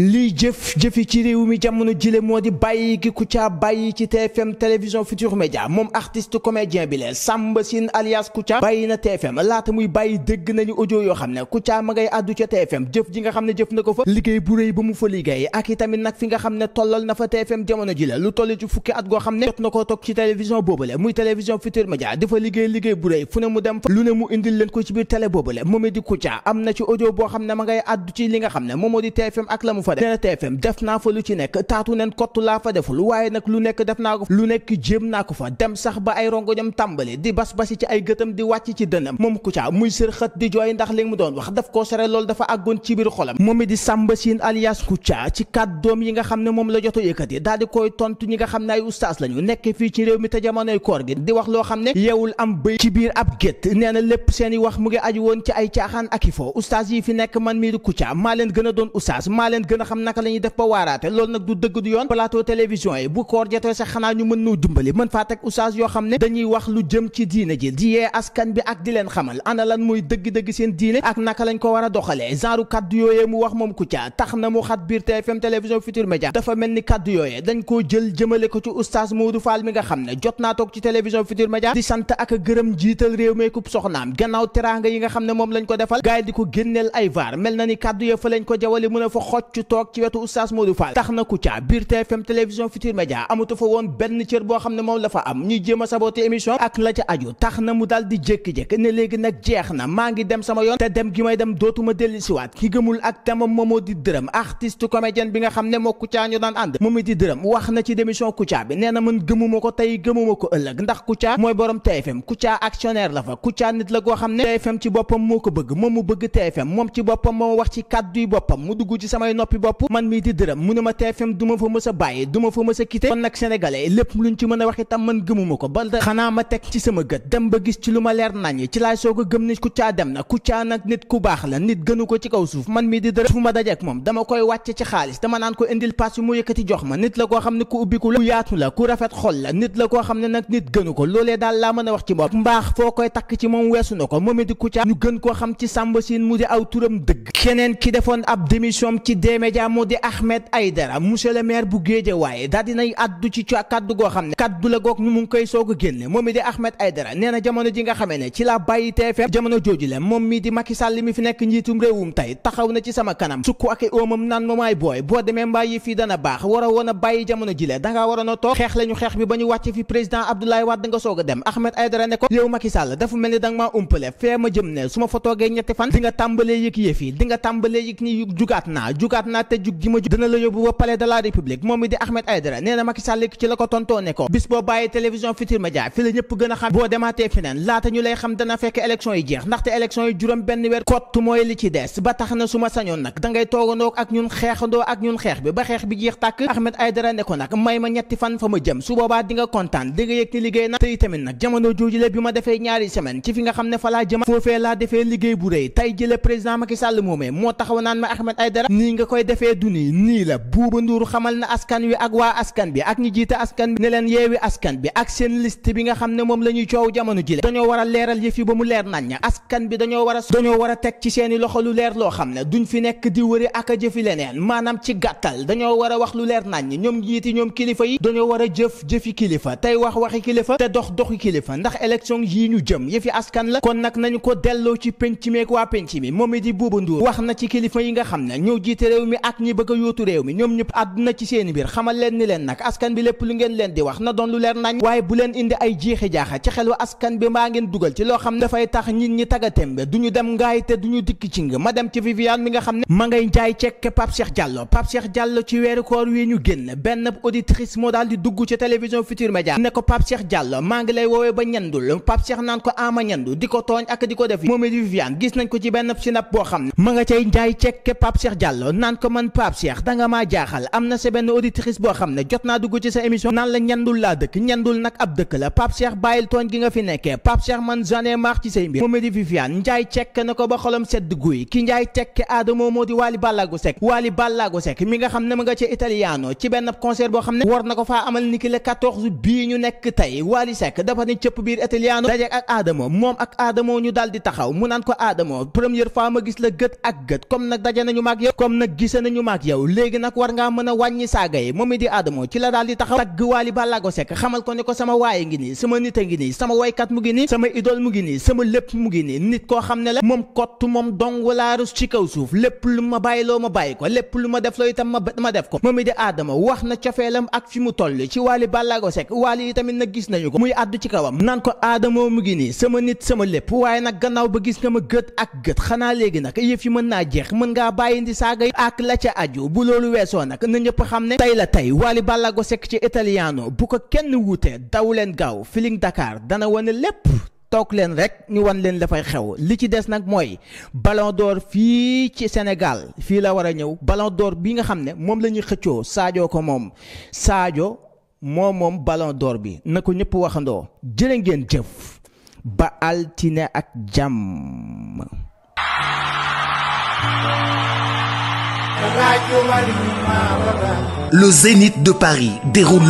lii jëf jëfi ci réew mi jamono jile moo di bàyyi gi Kouthia bàyyi ci TFM télévision Futur Média moom artiste comédien bi lee Samba Sine alias Kouthia bàyyi na TFM laata muy bàyyi dëgg nañu audio yoo xam ne Kouthia ma ngay àddu ca TFM jëf ji nga xam ne jëf na ko fa liggéey bu réy ba mu fa liggéey ak itamit nag fi nga xam ne tollal na fa TFM jamono jile lu toll ci fukki at goo xam ne jot na koo toog ci télévision boobale muy télévision Futur Média dafa liggéey liggéey bu réy fu ne mu dem leen ko ci biir télé boobale moom di Kouthia am na ci boo xam ne ma ngay li nga xam ne moom moo di ak fa def naa fa lu ci nekk taatu nen kott laa fa deful waaye nag lu nekk def naa ko lu nekk jéem naa ko fa dem sax ba ay rongoñam tàmbali di bas-basi ci ay gëtam di wàcc ci dënam moom Kouthia muy sër di jooy ndax li mu doon wax daf koo sore loolu dafa àggoon ci biir xolam moom it di Samba Sine alias Kouthia ci kàddoom yi nga xam ne moom la joto yëkkati daal di koy tontu ñi nga xam ne ay ustaas lañu nekk fii ci réew mi te jamonoy koor gi di wax loo i wax mu i fo ustaas yi gën a xam naka la ñuy def ba waaraate loolu nag du dëgg du yoon plateau télévision yi bu koor jotee sax xanaa ñu mën noo dimbali mën faa teg oustaz yoo xam ne dañuy wax lu jëm ci diine ji di yee askan bi ak di leen xamal ana muy dëgg-dëgg seen diine ak naka lañ ko war a doxalee genre kaddu yooyee mu wax moom Kouthia tax na mu xat biir TFM télévision Futur Média dafa mel ni kaddu yooyee dañ koo jël jëmale ko ci oustaz Modou Fall mi nga xam ne jot yi nga xam ne moom lañ ko defal gaay di ci toog ci wetu oustaz Modou Fall tax na Kouthia biir TFM télévision Futur amatu fa woon benn cër boo xam ne moom la fa am ñuy jéema a sabote émission ak la ca aju tax na mu daal di jékki-jékki ne léegi nag jeex na maa ngi dem sama yoon te dem gi may dem dootuma delli siwaat ki gëmul ak tamam moomoo di dërëm artiste comédien bi nga xam ne moo Kouthia ñu daan ànd moom it di dërëm wax na ci démission Kouthia bi nee na man gëmuma ko tey gëmuma ko ëllëg ndax Kouthia mooy borom TFM Kouthia actionnaire la fa ku nit la goo xam ne TFM ci boppam moo ko bëgg moom mu bëgg TFM moom ci boppam moo wax ci kàddu yi boppam mu dugg ci samay nopp noppi bopp man mii di dërëm mu ne ma TFM du ma fa mës a bàyyi du ma fa mës a quitté kon nag sénégalais lépp luñ ci mën a wax itam man gëmuma ko ba xanaa ma teg ci sama gët dem ba gis ci lu ma leer nañ ci laay soog a gëm ni Kouthia dem na Kouthia nag nit ku baax la nit gënu ko ci kaw suuf man mii di dërëm fu ma dajeek moom dama koy wàcce ci xaalis dama naan ko indil pass yu mu yëkkati jox ma nit la koo xam ne ku ubbiku ku yaatu la ku rafet xol la nit la ko a média ma maay booy boo demee mbaa yi fii baax war a bàyyi jamono ji la dangaa waroon a toog xeex lañu xeex bi ba ñu wàcc fi président Abdoulaye Wade nga soog a dem Ahmed Aïdara ne ko yow Macky Sall dafa mel ni danga maa umpale fee ma jëm ne su ma fa toogee ñetti fan di tàmbalee yëg yëf yi di tàmbalee yëg ni jugaat naa naata jug gi ma a xam boo demaatee feneen laata yi juróom benn weer kott mooy li ci des ba tax na su ma nag dangay toogandoo ak ñun xeexandoo ak ñun xeex bi ba xeex bi jeex tàkk Ahmed Aïdara ne ko nag may ma ñetti fan fa ma jëm su boobaa di nga kontaan di nga yëg ni liggéey na tey tamit nag jamono jooju bi ma defee ñaari semaine ci fi nga xam ne fa laa jëm foofee laa defee liggéey bu rëy tey jële président Macky Sall moomee moo taxaw naan ma Ahmed Aïdara nii nga koy koy defee du nii nii la buuba nduur xamal na askan wi ak waa bi nga xam ne moom la ñuy coow jamono ji le dañoo a leeral yëf yi ba mu leer nañ askan bi a dañoo war a teg ci seeni loxo lu leer loo xam ne duñ fi nekk di wëri ak a jëfi leneen maanaam ci gàttal dañoo war a wax lu leer nañ ñoom njiiti ñoom kilifa yi dañoo war a jëf jëfi kilifa tey wax waxi kilifa te dox doxi kilifa ndax élection yii ñu jëm yëfi askan la kon nag nañu ko delloo ci penc meek waa penc mi moom it di buuba nduur wax na ci kilifa yi nga xam ne ñoo jiite réew mi ak réew mi ñoom ñëpp àdduna ci seen mbir xamal leen ni leen nag askan bi lépp lu ngeen leen di wax na doon lu leer nañ bu leen indi ay jiixi jaaxa ci xelu askan bi mbaa ngeen dugal ci loo xam ne dafay tax nit ñi tagatémbe du ñu dem ngaay te du ñu dikk ci nga ma dem ci Viviane mi nga xam ne ma ngay njaay cekke Pape Cheikh Diallo Pape Cheikh Diallo ci weeru koor wi ñu génn benn auditrice moo daal di dugg ci télévision Futur Média ne ko Pape Cheikh Diallo maa ngi lay woowee ba ñandul Pape Cheikh naan ko ama ñandu di ko tooñ ak di ko def moom it Viviane gis nañ ko ci benn sinap boo xam ne ma nga cay njaay cekke Pape Cheikh Diallo naan ko man Pape Cheikh danga maa jaaxal am na sa benn auditrice boo xam ne jot naa dugg Njaay cekk na ko ba xolam sedd guy ki Njaay tekk aadamoo moo di Wally Ballago Seck Wally Ballago Seck mi nga xam ne ma nga ca Italiano ci benn concert boo xam ne war na ko faa amal niki le 14 bii ñu nekk tey Wally Seck dafa ni cëpp biir Italiano daje ak aadamo moom ak aadamoo ñu daal taxaw mu naan ko aadamoo première fois ma gis la gët ak gët comme nag daje nañu maag yow comme nag gise nañu maak yow léegi nag war ngaa mën a wàññi saaga yi moom it di Adamo ci la daal di taxaw tagg Waly Ballago Seck xamal ko ne ko sama waaye ngi nii sama nit a ngi nii sama waykat mu ngi nii sama idole mu ngi nii sama lépp mu ngi nii nit ma bàyyiloo ma bàyyi ko lépp ma def loo itam ma ma def ko moom na cofeelam ak fi mu toll ci Waly Ballago Seck Waly yi tamit nag gis nañu ko muy àddu ci kawam naan ko Adamo mu ngi nii sama nit sama lépp waaye nag gannaaw ba gis nga ma gët ak gët xanaa léegi nag yëf yi mën naa jeex mën ngaa bàyyi ndi saaga yi ak la ca aju bu loolu weesoo nag na ñëpp xam ne tey la tey Wally Ballago Seck ci Italiano bu ko kenn wuute daw leen gaaw Feeling Dakar dana wane lépp toog leen rek ñu wan leen dafay xew li ci des nag mooy Ballon door fii ci Sénégal fii la war a ñëw Ballon door bi nga xam ne moom la ñuy xëccoo Sadio ko moom saajo moo moom Ballon door bi na ko ñëpp waxandoo jërë ngeen jëf ba altine ak jàmm Le Zénith de Paris déroule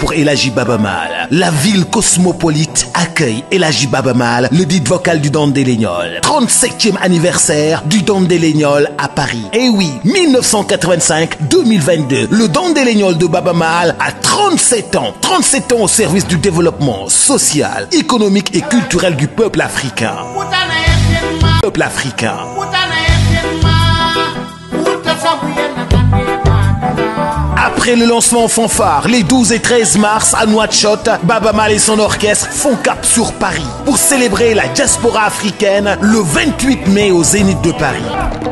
pour El Hadji Baba Maal. La Baba Maal, le dit vocal du Dandé Légnol. 37e anniversaire du Dandé Légnol à Paris. Et eh oui, 1985-2022, le Dandé Légnol de service du développement social, économique et culturel du peuple africain. Peuple Après le lancement en fanfare, les 12 et 13 mars à Nouakchott, Baba Mal et son orchestre font cap sur Paris pour célébrer la diaspora africaine le mai au Zénith de Paris.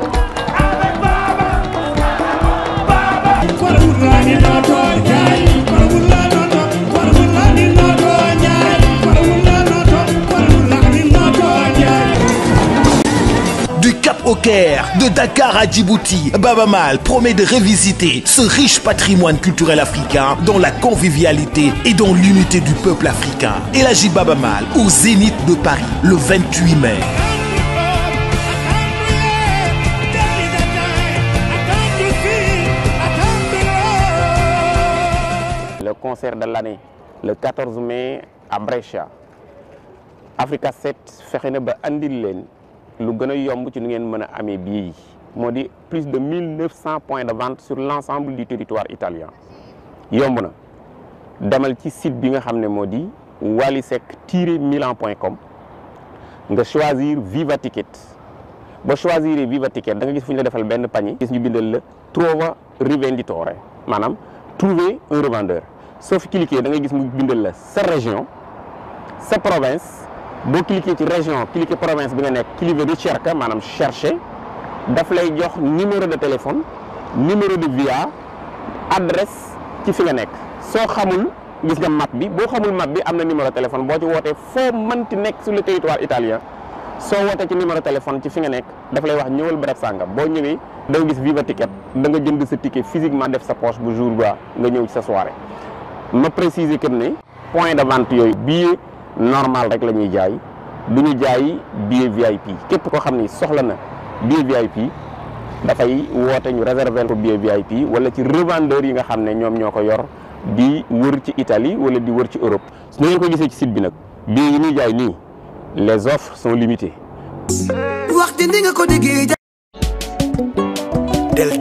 concert de Dakar à Djibouti. Baba Maal de revisiter ce riche patrimoine la convivialité et dans l'unité du peuple africain. El Hadji Baba mai. Le concert de l'année le 14 mai à Brescia fexe na ba andil lu gën a yomb ci nu ngeen mën a amee bi yi moo di plus de mille neuf cent points de vente sur l' ensemble du territoire italian yomb na demal ci site bi nga xam ne moo di walisec tiret milan point com nga choisir viva ticket ba choisir viva ticket danga gis fu ñu la defal benn panier gis ñu bindal la trova rivenditore maanaam trouver un revendeur soo fi cliquer da gis mu bindal la sa région sa province boo cliquer ci région cliquer province bi nga nekk cliquer du cerca maanaam chercher daf lay jox numéro de téléphone numéro de via adresse ci fi nga nekk soo xamul gis nga map bi boo xamul map bi am na numéro téléphone boo ci wootee foo mënti nekk su le territoire italien soo wootee ci numéro téléphone ci fi nga nekk daf lay wax ñëwal bërëb sàngam boo ñëwee da nga gis Viva Ticket da nga jënd sa ticket physiquement def sa poche bu jour ba nga ñëw ci sa soirée ma préciser que ne point de vente yooyu normal rek la ñuy jaay du ñu jaay billet VIP képp koo xam ni soxla na billet VIP dafay woote ñu réserver ko billet VIP wala ci revendeur yi nga xam ne ñoom ñoo ko yor di wër ci Italie wala di wër ci Europe. su ngeen ko gisee ci site bi nag billet yi ñuy jaay nii les offres sont limitées. waxtu ni nga ko déggee. del